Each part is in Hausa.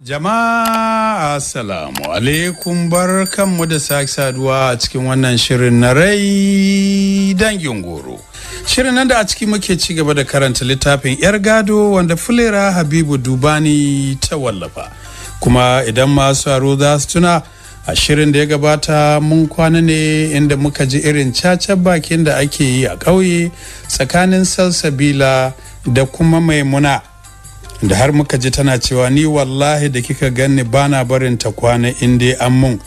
Jama'a Assalamu alaikum bar kanmu da sake saduwa a cikin wannan shirin na rai dangin goro. Shirin nan da a ciki muke ci gaba da karanta littafin 'yar gado wanda fulera Habibu Dubani ta wallafa. Kuma idan masu aro za su tuna a shirin da ya gabata mun kwana ne inda muka ji irin cacar bakin da ake yi a ƙauye tsakanin salsabila da kuma maimuna. da har muka ji tana cewa ni wallahi da kika ganni bana barin ta kwana in dai an mun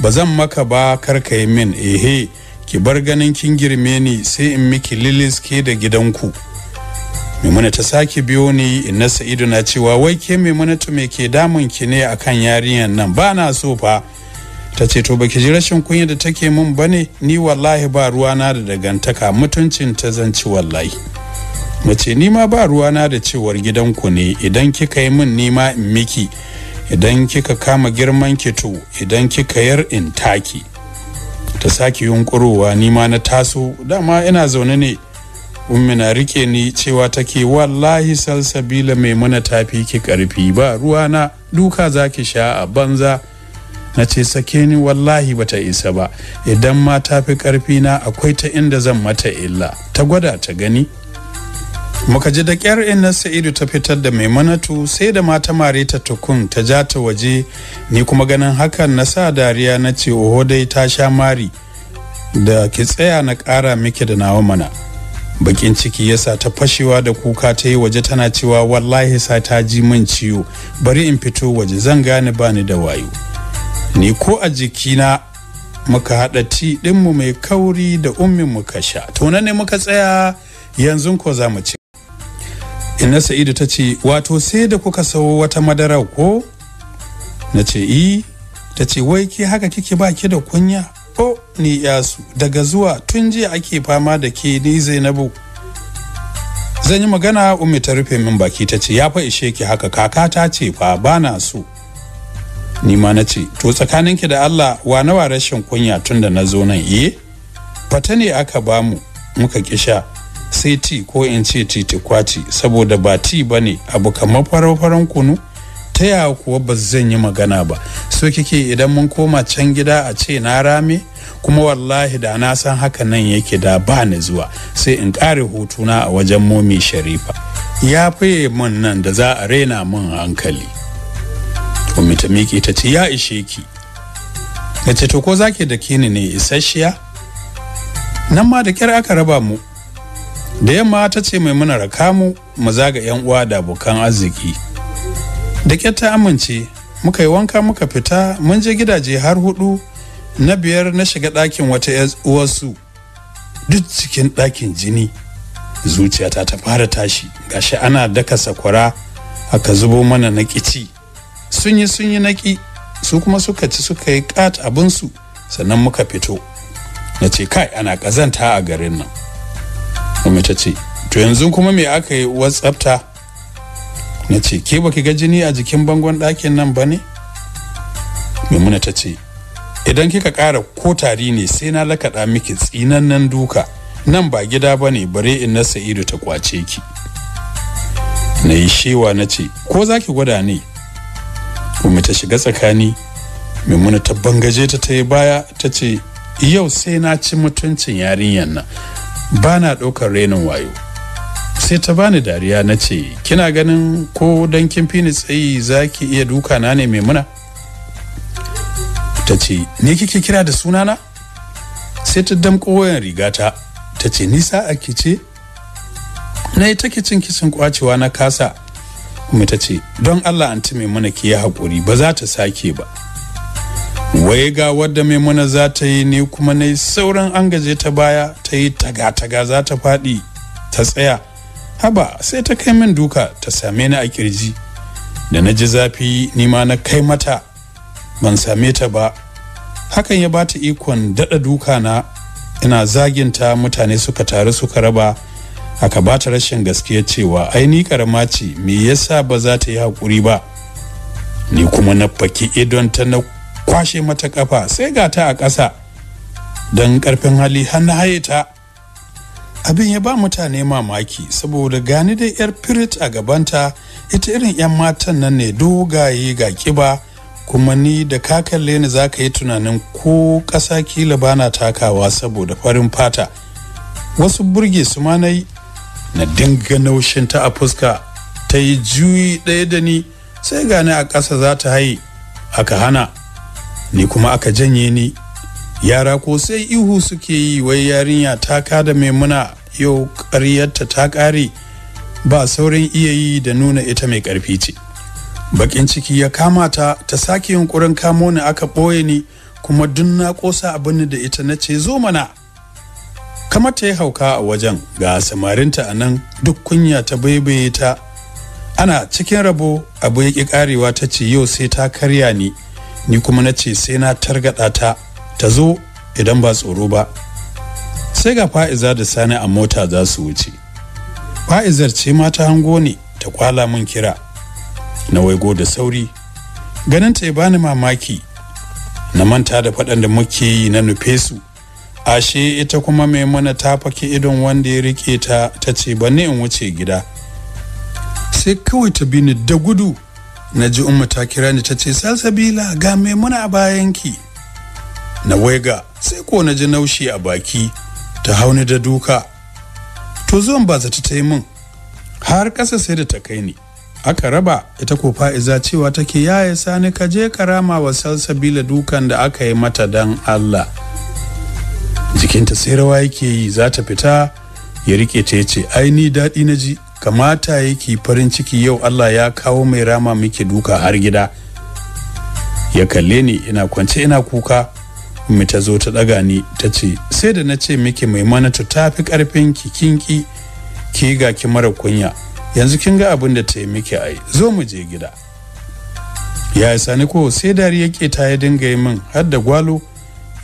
ba zan maka ba ka yi min ehe ki bar ganin kin girme ni sai in miki lilis ke da gidanku maimuna ta sake biyo ni na sa'idu na cewa wai ke maimuna ta me ke damun ki ne akan yarinyar nan ba na so fa ta ce to baki ji rashin kunya da take mun bane ni wallahi ba ruwana da dagantaka mutuncin ta zanci wallahi mace nima ba ruwa na da cewar gidanku ne idan kika yi min nima in miki idan kika kama girman kito idan kika yar in taki ta sake yunkurowa nima na taso dama ina zaune ne ummi na rike ni cewa take wallahi salsabila mai mana tafi ki karfi ba ruwana duka zaki sha a banza na ce sake ni wallahi bata isa ba idan ma tafi karfi na akwai ta inda zan mata illa ta gwada ta gani muka ji da kyar na sa'idu ta fitar da maimanatu sai da mata mare ta tukun ta ja ta waje ni kuma ganin hakan na sa dariya na ce oho dai ta sha mari da ki tsaya na kara miki da nawa mana bakin ciki yasa ta fashewa da kuka ta yi waje tana cewa wallahi sa ta ji min ciwo bari in fito waje zan gane bani da wayo ni ko a jikina muka haɗa ti ɗinmu mai kauri da ummin muka sha to ne muka tsaya yanzu ko za mu ci inna sa'idu ta ce wato sai da kuka sau wata madara ko na ce i ta ce wai ke haka kike ba ki da kunya ko ni yasu daga zuwa tun jiya ake fama da ke ni zainabu zan yi magana ummi ta rufe min baki ta ce ya fa ishe ki haka kaka ta ce fa ba na so ni ma na ce to tsakaninki da allah wa nawa rashin kunya tun da na zo nan iye eh, fata ne aka bamu muka kisha sai ti ko in ce titi kwati? saboda ba ti ba ne abu kamar farafaran kunu ta yawa kuwa ba zan yi magana ba so kike idan mun koma can gida a ce na rame kuma wallahi da na san haka nan yake da ba ni zuwa sai in ƙare hutuna a wajen momi sharifa ya fiye min nan da za a rena min hankali to ta miki ta ce ya ishe ki na ce to ko zaki da kini ne isasshiya nan ma da kyar aka raba mu da yamma ta ce mai muna rakamu mu zaga yan uwa da abokan arziki da ƙyar ta amince muka yi wanka muka fita mun je gidaje har hudu na biyar na shiga ɗakin wata uwarsu duk cikin ɗakin jini zuciyata ta fara tashi gashi ana daka sakwara aka zubo mana na ƙici sun yi sun yi naƙi su kuma suka ci suka yi ƙat abinsu sannan muka fito na ce kai ana ƙazanta a garin nan ta ce to yanzu kuma me aka yi whatsappta na ce ke baki ga jini a jikin bangon ɗakin nan ba ne maimuna ta ce idan kika ƙara ko tari ne sai na lakaɗa miki tsinannen duka nan ba gida ba ne bare in na sa'idu ta kwace ki na yi shewa na ce ko za ki gwada ne kuma ta shiga tsakani maimuna ta bangaje ta ta yi baya ta ce yau sai na ci mutuncin yarinyar nan Bana ɗaukar renin wayo sai ta bani dariya na ce kina ganin ko don kin fi ni tsayi za ki iya duka na ne mai muna ta ce ne kike kira da sunana sai ta damƙo wayan rigata ta ce nisa a ce na yi take cin kisan kwacewa na kasa kuma ta ce don allah anti mai muna ki yi haƙuri ba za ta sake ba wai ga wadda maimuna za ta yi ne kuma na sauran an gaje ta baya ta yi taga-taga za ta faɗi ta tsaya haba sai ta kai min duka ta same ni a kirji da na ji zafi ni ma na kai mata ban same ta ba hakan ya bata ikon daɗa duka na ina zaginta mutane suka taru suka raba aka bata rashin gaskiya cewa ai ni karama ce me yasa ba za ta yi haƙuri ba ni kuma na faki idon ta na kwashe mata kafa sai ga ta a ƙasa don ƙarfin hali har na haye ta abin ya ba mutane mamaki saboda gani da yar firit a gabanta ita irin 'yan matan nan ne dogaye ga kiba kuma ni da ka ni za ka yi tunanin ko ƙasa kila bana takawa saboda farin fata wasu burge su ma na na dinga naushin ta a fuska ta yi juyi ɗaya da ni sai gani a ƙasa za ta haye aka hana ni kuma aka janye ni yara ko sai ihu suke yi wai yarinya ta ka kada maimuna yau ƙaryarta ta ƙare ba saurin iya yi da nuna ita mai ƙarfi ce bakin ciki ya kama ta ta sake yunkurin kamo ni aka ɓoye ni kuma dun na ƙosa abin da ita na ce zo mana kamar ta yi hauka a wajen ga samarinta a nan duk kunya ta baibaye ta ana cikin rabo abu ya ƙi ƙarewa ta ce yau sai ta karya ni ni kuma na ce sai na targaɗa ta ta zo idan ba tsoro ba sai ga fa'iza da sani a mota za su wuce fa'izar ce mata hango ne ta kwala mun kira na waigo da sauri ganin ta bani mamaki na manta da faɗan da muke yi na nufe su ashe ita kuma maimuna ta fake idon wanda ya rike ta ta ce ba ne in wuce gida sai kawai ta bi ni da gudu na ji umma ta kira ni ta ce salsabila ga mai muna a bayanki na waiga sai ko na ji naushi a baki ta hauni da duka to zuwan ba zata ta yi min har ƙasa sai da ta kai ni aka raba ita ko fa'iza cewa take yaya sani ka je karama wa salsabila dukan da aka yi mata dan allah jikinta sai rawa yake yi za ta fita ya rike ta ya ce ai ni daɗi na ji kamata yake farin ciki yau Allah ya kawo mai rama muke duka har gida ya kalle ni ina kwance ina kuka mu ta zo ta daga ni ta ce sai da na ce miki mai mana ta tafi karfin ki kinki ki ga ki mara kunya yanzu kin ga abin da ta yi miki ai zo mu je gida ya sani ko sai dari yake ta ya dinga yi min har da gwalo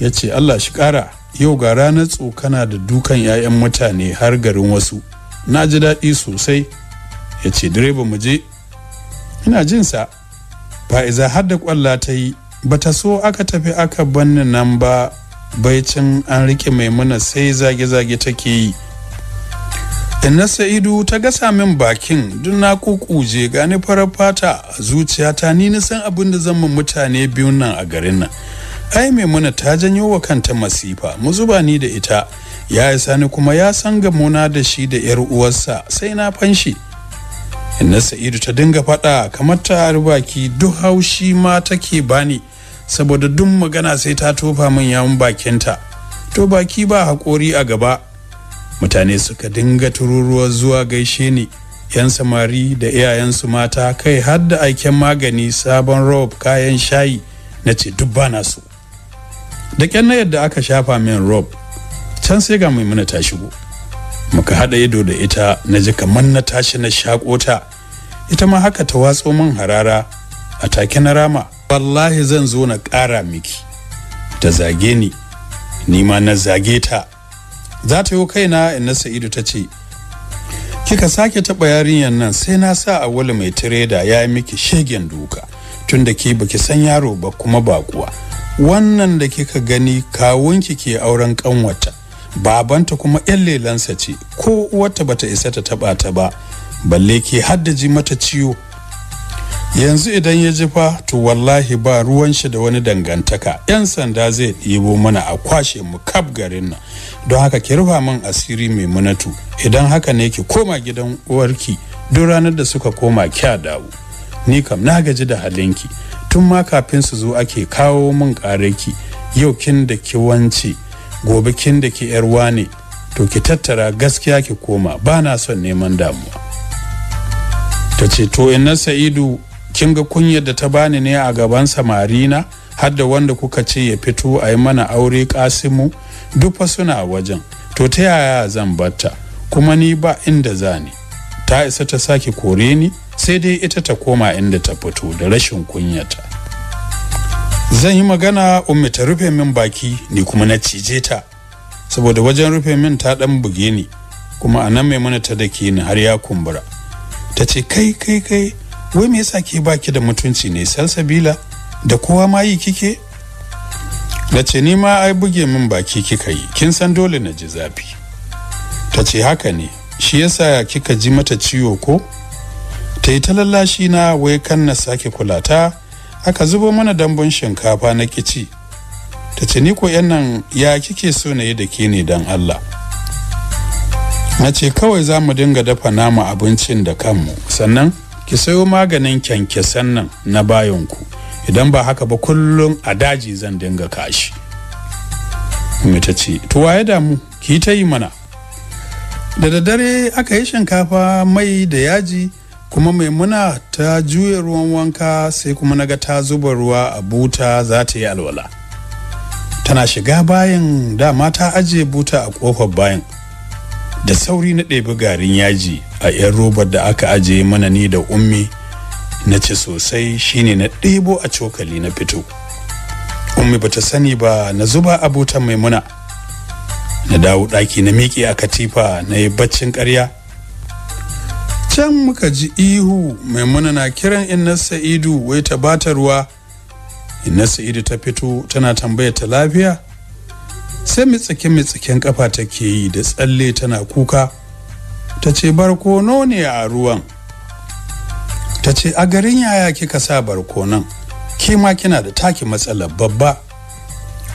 ya ce Allah shi kara yau ga ranar tsokana da dukan 'ya'yan mutane har garin wasu na ji daɗi sosai ya ce direba mu je ina jinsa fa'iza har da kwalla ta yi ta so aka tafi aka banni nan ba baicin an rike maimuna sai zage-zage take yi inna sa'idu ta gasa min bakin duk na kukuje gani farar fata a zuciyata ni na san abin da zan mutane biyun nan a garin nan ai maimuna ta janyo wa kanta masifa mu zuba ni da ita ya sani kuma ya san gamona da shi da yar uwarsa sai na fanshi inna sa'idu ta dinga faɗa kamar ta baki duk haushi ma take bani saboda duk magana sai ta tofa min yawon bakinta to baki ba haƙori a gaba mutane suka dinga tururuwa zuwa gaishe ni yan samari da iyayensu mata kai har da aiken magani sabon rob kayan shayi Nace ce duk bana su da na yadda aka shafa min rob can sai ga maimuna ta shigo muka haɗa ido da ita na ji kamar na tashi na shakota ita ma haka ta watso min harara a take na rama wallahi zan zo na ƙara miki ta zage ni ni ma na zage ta za ta yi kaina inna sa'idu ta ce kika sake taɓa yarinyar nan sai na sa a wali mai tireda ya yi miki shegen duka tun da ke baki san yaro ba kuma bakuwa wannan da kika gani kawunki ke auren kanwata babanta kuma yan lelansa ce ko uwarta bata isa ta taba ta ba balle ke haddaji mata ciwo yanzu idan ya ji to wallahi ba ruwan shi da wani dangantaka yan sanda zai ɗibo mana a kwashe mu kaf garin nan don haka ki rufa min asiri mai munatu idan haka ne ki koma gidan uwarki duk ranar da suka koma kya dawo ni kam na gaji da halinki tun ma kafin su zo ake kawo min kareki yau kin da ki wance gobe kin da ke yarwa ne to ki tattara gaskiya ki koma ba na son neman damuwa ta ce to inna sa'idu kin ga kunyar da ta bani ne a gaban samarina har da wanda kuka ce ya fito a yi mana aure kasimu duk fa suna wajen to ta yaya zan bata kuma ni ba inda za ta isa ta sake kore ni sai dai ita ta koma inda ta fito da rashin kunyata zan yi magana umme ta rufe min baki ni kuma na cije ta saboda wajen rufe min ta dan buge ni kuma a nan maimuna ta da ni har ya kumbura ta ce kai kai kai wai me yasa ke baki da mutunci ne salsabila da kowa ma yi kike na ce ni ma ai buge min baki kika yi kin san dole na ji zafi ta ce haka ne shi yasa kika ji mata ciwo ko ta yi ta lallashi na wai kan na sake kulata. aka zubo mana dambun shinkafa na kici ta ce ni ko yan nan ya kike so na yi da ke ne don allah na ce kawai za mu dinga dafa nama abincin da kanmu sannan ki sayo maganin kyankyasan nan na bayanku idan ba haka ba kullum a daji zan dinga kashi kuma ta ce to waye damu ki ta yi mana da daddare aka yi shinkafa mai da yaji kuma maimuna ta juya ruwan wanka sai kuma na ga ta zuba ruwa a buta za ta yi alwala tana shiga bayan dama ta ajiye buta a kofar bayan da sauri na ɗebi garin yaji a 'yan robar da aka ajiye mana ni da ummi na ci sosai shine na ɗebo a cokali na fito ummi bata sani ba na zuba a butan maimuna na dawo ɗaki na miƙe a katifa na yi baccin ƙarya can muka ji ihu maimuna na kiran inna sa'idu wai ta bata ruwa inna sa'idu ta fito tana tambaya ta lafiya sai mitsike mitsiken kafa take yi da tsalle tana kuka ta ce barkono ne a ruwan ta ce a garin yaya kika sa barkonon ke ma kina da taki matsalar babba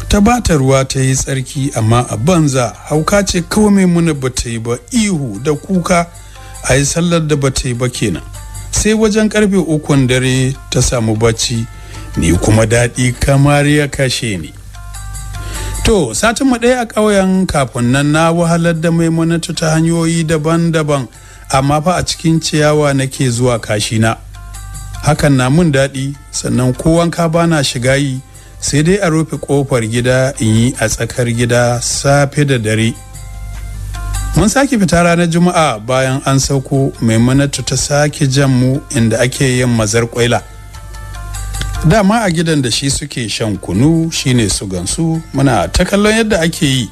ta bata ruwa ta yi tsarki amma a banza hauka ce kawai maimuna ba ta yi ba ihu da kuka a yi sallar da bata yi ba kenan sai wajen karfe ukun dare ta samu bacci ne kuma daɗi kamar ya kashe ni to satin mu ɗaya a ƙauyen kafin nan na wahalar da maimunatu ta hanyoyi daban-daban amma fa a cikin ciyawa nake zuwa kashina hakan na mun daɗi sannan ko wanka bana shiga yi sai dai a rufe ƙofar gida in yi a tsakar gida safe da dare mun sake fita ranar juma'a bayan an sauko maimunatu ta sake jan mu inda ake yin mazar kwaila dama a gidan da shi suke shan kunu shine su gansu muna ta kallon yadda ake yi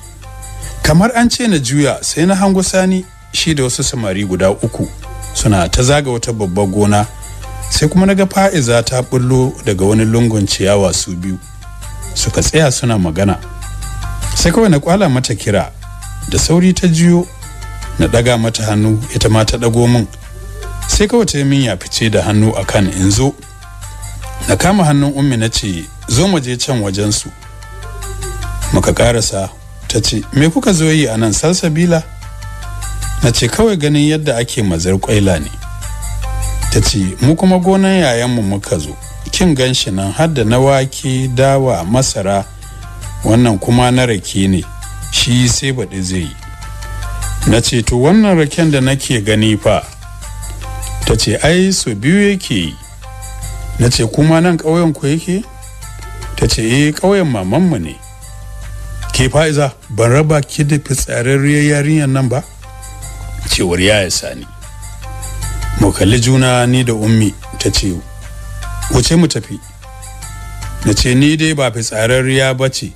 kamar an ce na juya sai na hango sani shi da wasu samari guda uku suna ta zaga wata babbar gona sai kuma na ga fa'iza ta bullo daga wani lungun ciyawa su biyu suka tsaya suna magana sai kawai na kwala mata kira da sauri ta jiyo na daga mata hannu ita ma ta dago min sai kawai ta min ya fice da hannu akan in zo na kama hannun ummi na ce zo mu je can wajen su muka karasa ta ce me kuka zo yi anan nan salsabila na ce kawai ganin yadda ake mazar kwaila ne ta ce mu kuma gonan yayan mu muka zo kin ganshi nan har da na wake dawa masara wannan kuma na rake ne shi sai baɗi zai yi na ce to wannan raken da nake gani fa ta ce ai so biyu yake yi na ce kuma nan ƙauyen ku yake ta ce eh ƙauyen mamanmu ne ke fa'iza ban raba ki da fitsararriyar yarinyar nan ba cewar ya sani mu kalli juna ni da ummi ta ce wuce mu tafi na ce ni dai ba fitsararriya ba ce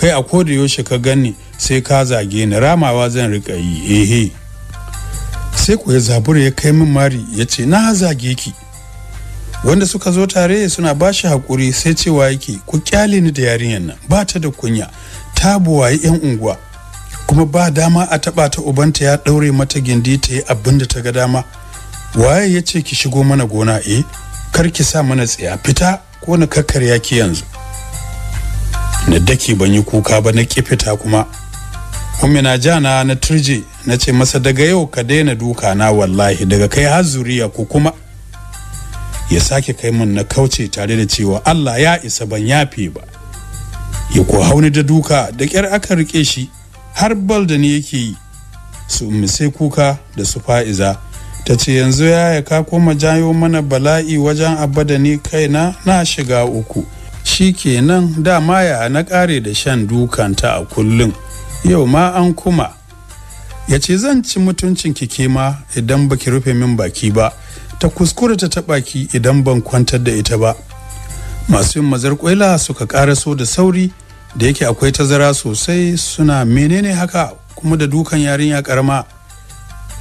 kai a koda yaushe ka gani sai ka zage ni ramawa zan rika yi ehe sai ku ya zabura ya kai min mari ya ce na zage ki wanda suka zo tare suna ba shi haƙuri sai cewa yake ku kyale ni da yarinyar nan ba ta da kunya ta buwayi 'yan unguwa kuma ba dama a taɓa ta ubanta ya ɗaure mata gindi ta yi abin da ta ga dama waye ya ce ki shigo mana gona eh kar ki sa mana tsaya fita ko na kakkarya ki yanzu na daki ban yi kuka ba na kifita kuma umina jana na turje na ce masa daga yau ka daina duka na wallahi daga kai har zuriya ku kuma ya sake kai mun na kauce tare da cewa Allah ya isa ban yafe ba ya ko hauni da duka da kyar aka rike shi har bal da ni yake yi su ummi sai kuka da su fa'iza ta ce yanzu ya ya ka koma jayo mana bala'i wajen abada ni kaina na shiga uku shi kenan dama ya na kare da shan dukanta a kullum yau ma an kuma ya ce zan ci mutuncin kike ma idan baki rufe min baki ba ta kuskure ta taɓaki ki idan ban kwantar da ita ba masu yin mazar kwaila suka karaso da sauri da yake akwai tazara sosai suna menene haka kuma da dukan yarinya karama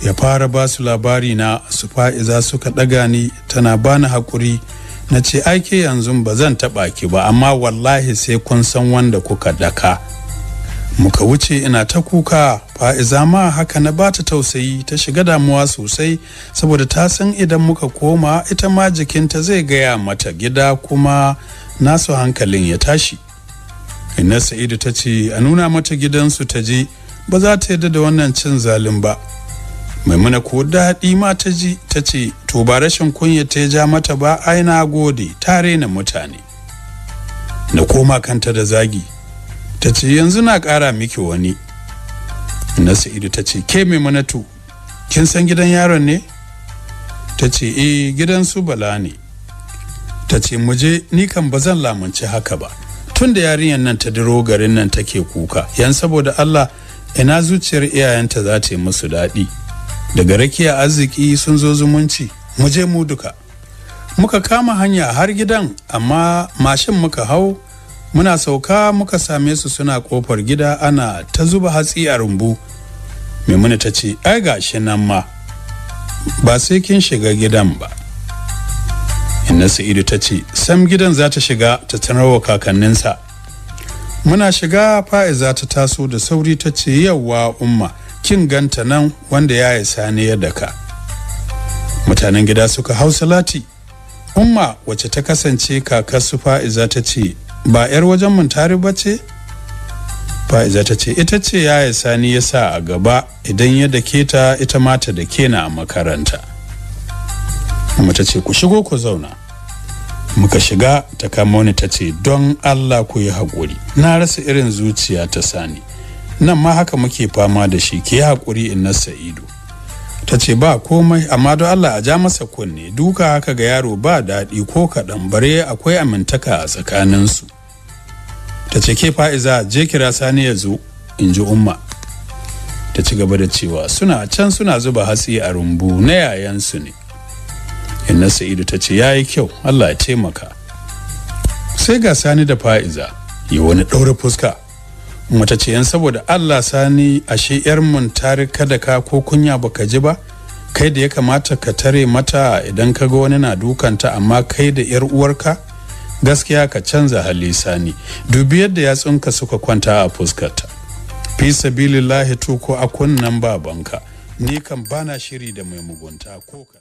ya fara ba su labari na su fa'iza suka daga ni tana bani hakuri na ce ake yanzu ba zan taɓa ki ba amma wallahi sai kun san wanda kuka daka muka wuce ina ta kuka fa'iza ma haka na ba ta tausayi ta shiga damuwa sosai saboda ta san idan muka koma ita ma jikinta zai gaya mata gida kuma nasu hankalin ya tashi ina sa'idu ta ce a nuna mata gidansu ta je ba za ta yadda da wannan cin zalin ba maimuna ko daɗi ma ta ji ta ce to ba rashin kunya ta ja mata ba ai gode tare na mutane na koma kanta da zagi ta ce yanzu na ƙara miki wani na sa'idu ta ce ke maimunatu kin san gidan yaron ne ta ce eh gidan su bala ne ta ce muje ni kan ba zan lamunci haka ba tun da yarinyar nan ta diro garin nan take kuka yan saboda allah ina zuciyar iyayenta za ta yi musu daɗi daga rakiya arziki sun zo zumunci mu je mu duka muka kama hanya har gidan amma mashin muka hau muna sauka muka same su suna kofar gida ana ta zuba hatsi a rumbu maimuna ta ce ai gashi nan ma ba sai kin shiga gidan ba inna sa'idu ta ce sam gidan za ta shiga ta tanarwa kakanninsa muna shiga fa'iza ta taso da sauri ta ce yawwa umma kin ganta nan wanda ya yi sani ya daka mutanen gida suka hau salati umma wacce ta kasance kaka su fa'iza ta ce ba 'yar wajen muntari ba ce fa'iza ta ce ita ce ya yi sani ya sa a gaba idan ya dake ta ita mata da kena a makaranta kuma ta ce ku shigo ku zauna muka shiga ta kama wani ta ce don allah ku yi haƙuri na rasa irin zuciya ta sani nan ma haka muke fama da shi ke haƙuri in na sa'idu ta ce ba komai amma don allah a ja masa kunne duka haka ga yaro ba daɗi ko kaɗan bare akwai amintaka a tsakaninsu ta ce ke fa'iza je kira sani ya zo in ji umma ta ci gaba da cewa suna can suna zuba hatsi a rumbu na yayansu ne inna sa'idu ta ce yayi kyau allah ya taimaka sai ga sani da fa'iza yi wani ɗaure fuska mata ce yan saboda allah sani ashe yar mun tarika da ka ko kunya baka ji ba kai da ya kamata ka tare mata idan ka ga wani na dukanta amma kai da yar uwarka gaskiya ka canza hali sani dubi yadda yatsunka suka kwanta a fuskarta fi sabilillahi to ko a kunnan babanka ni kan bana shiri da mai mugunta ko